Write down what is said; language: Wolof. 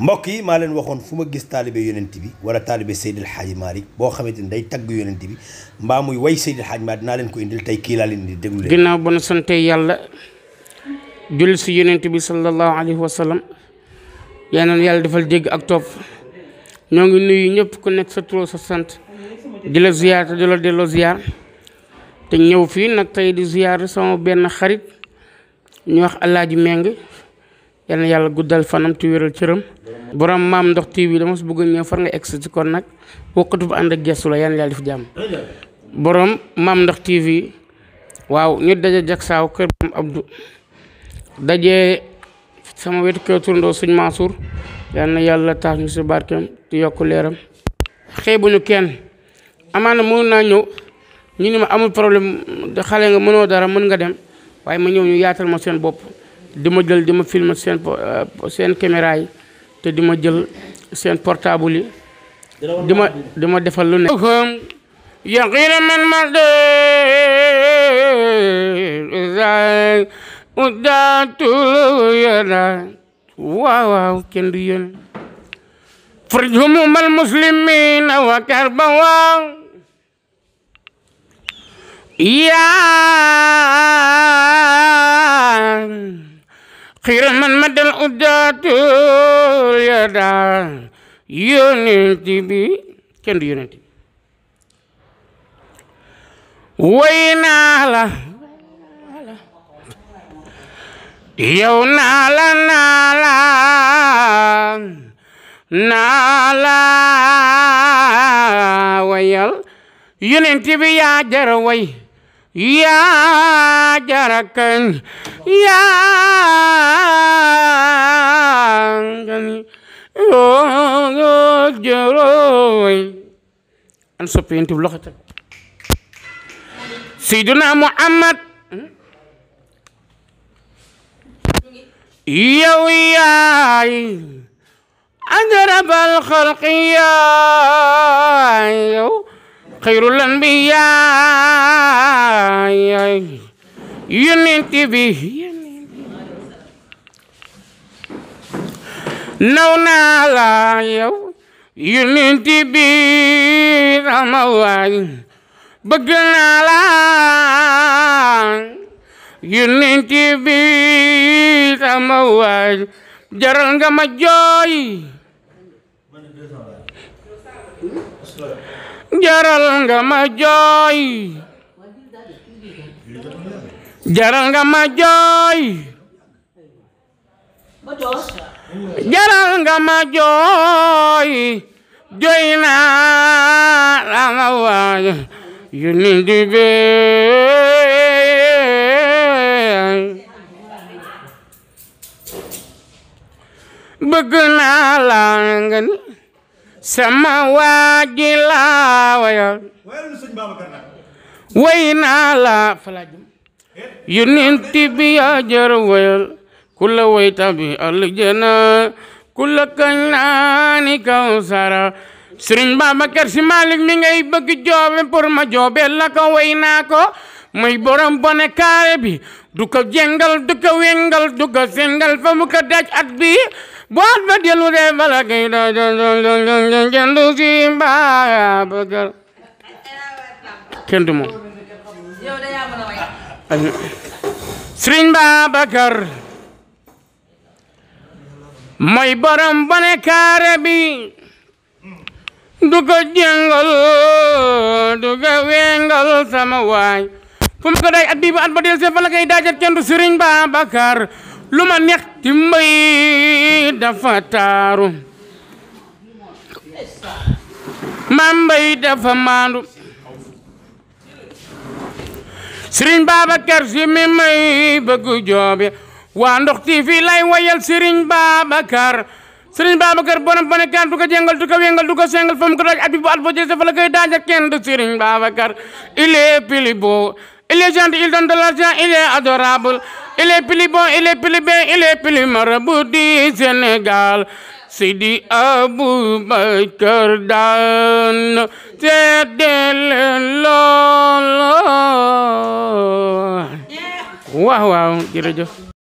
mbokk yi maa leen waxoon fu ma gis taalibe yonent bi wala taalibe Seydil Hadji Malick boo xamante ni day tagg yonent bi mbaa muy way Seydil Hadji Malick dinaa leen ko indil tey kii laa leen di déglu leen ginnaaw ba nu yàlla julli si yonent bi sallallahu alayhi wa sallam yaa yàlla defal dégg ak ñëpp ku nekk sa tur sa sant di la ziyaar te ñëw fii nag tey di ziyaar benn xarit ñu wax alaaji meng yal na yàlla guddal fanam te wéral cëram borom maam ndox TV dama su bëgg ñëw far nga egg si kon nag wokkatu bu ànd ak gestu la yal na yàlla def jàmm borom maam ndox TV waaw ñu daje jag saaw kër maam Abdou daje sama wetu kër turndoo suñ Mansour yal na yàlla tax ñu si barkeem te yokk leeram xeebuñu kenn amaana mën naa ñëw ñu ni ma amul problème xale nga mënoo dara mën nga dem waaye ma ñëw ñu yaatal ma seen bopp di ma jël di ma filmer seen euh, seen te di ma jël seen portable yi di ma di ma defal lu ne yaqiina man ma waaw waaw kenn du yéen farij humumal muslimina wa karba waaw yaa خير من مدى العدات اليدا يونتي بي كن يونتي وينا لا يونا لا نالا نالا ويل يونتي بي يا جروي yaa jarakan yaa ngani yoo oh, joroy an soppi yonent bi loxo Seydina Muhammad yow yaay ajarabal xalqi yaay yow xayrul anbiyaa yonent bi naw naa la yow yonent bi sama waay bëgg naa la yonent bi sama waay jaral nga ma jooy jaral nga ma jooy jaral nga ma jooy jaral naa la ma waay yu ni di beey bëgg naa la nga ni sama waaji laa wayal way naa la falajum yu ninti bi yaa jar wayal ku la way tabi aljana ku la kañ naani kawsara Sëriñ Si Malik mi ngay bëgg joobe pour ma joobe la ko way ko muy borom bone kaare bi du jengal du wengal du sengal fa mu ko daj at bi boot ba jëlu dee bala kay do do do do jëlu si mbaa ba kër kenn du moom sëriñ Babacar mooy borom bone kaare bi du ko jëngal du ko wengal sama waay fu ma ko day at bii ba at ba del see fa la kay daajat kenn du sëriñ Babacar lu ma neex ci mbay bi dafa taaru maam Mbay dafa maandu Serigne Babacar Si mi may bëgg joobe waa Ndokh TV lay wayal Serigne Babacar Serigne Babacar bonam bone kan du ko jengal du ko wengal du ko sengal fam ko daj bu at bo jëse fa la koy daaj du Serigne Babacar il est pili beau Il est gentil, il donne de l'argent, il est adorable. Il est plus il est plus il est plus marabout Sénégal. Sidi Abou Bakar daan seedeel lool waaw waaw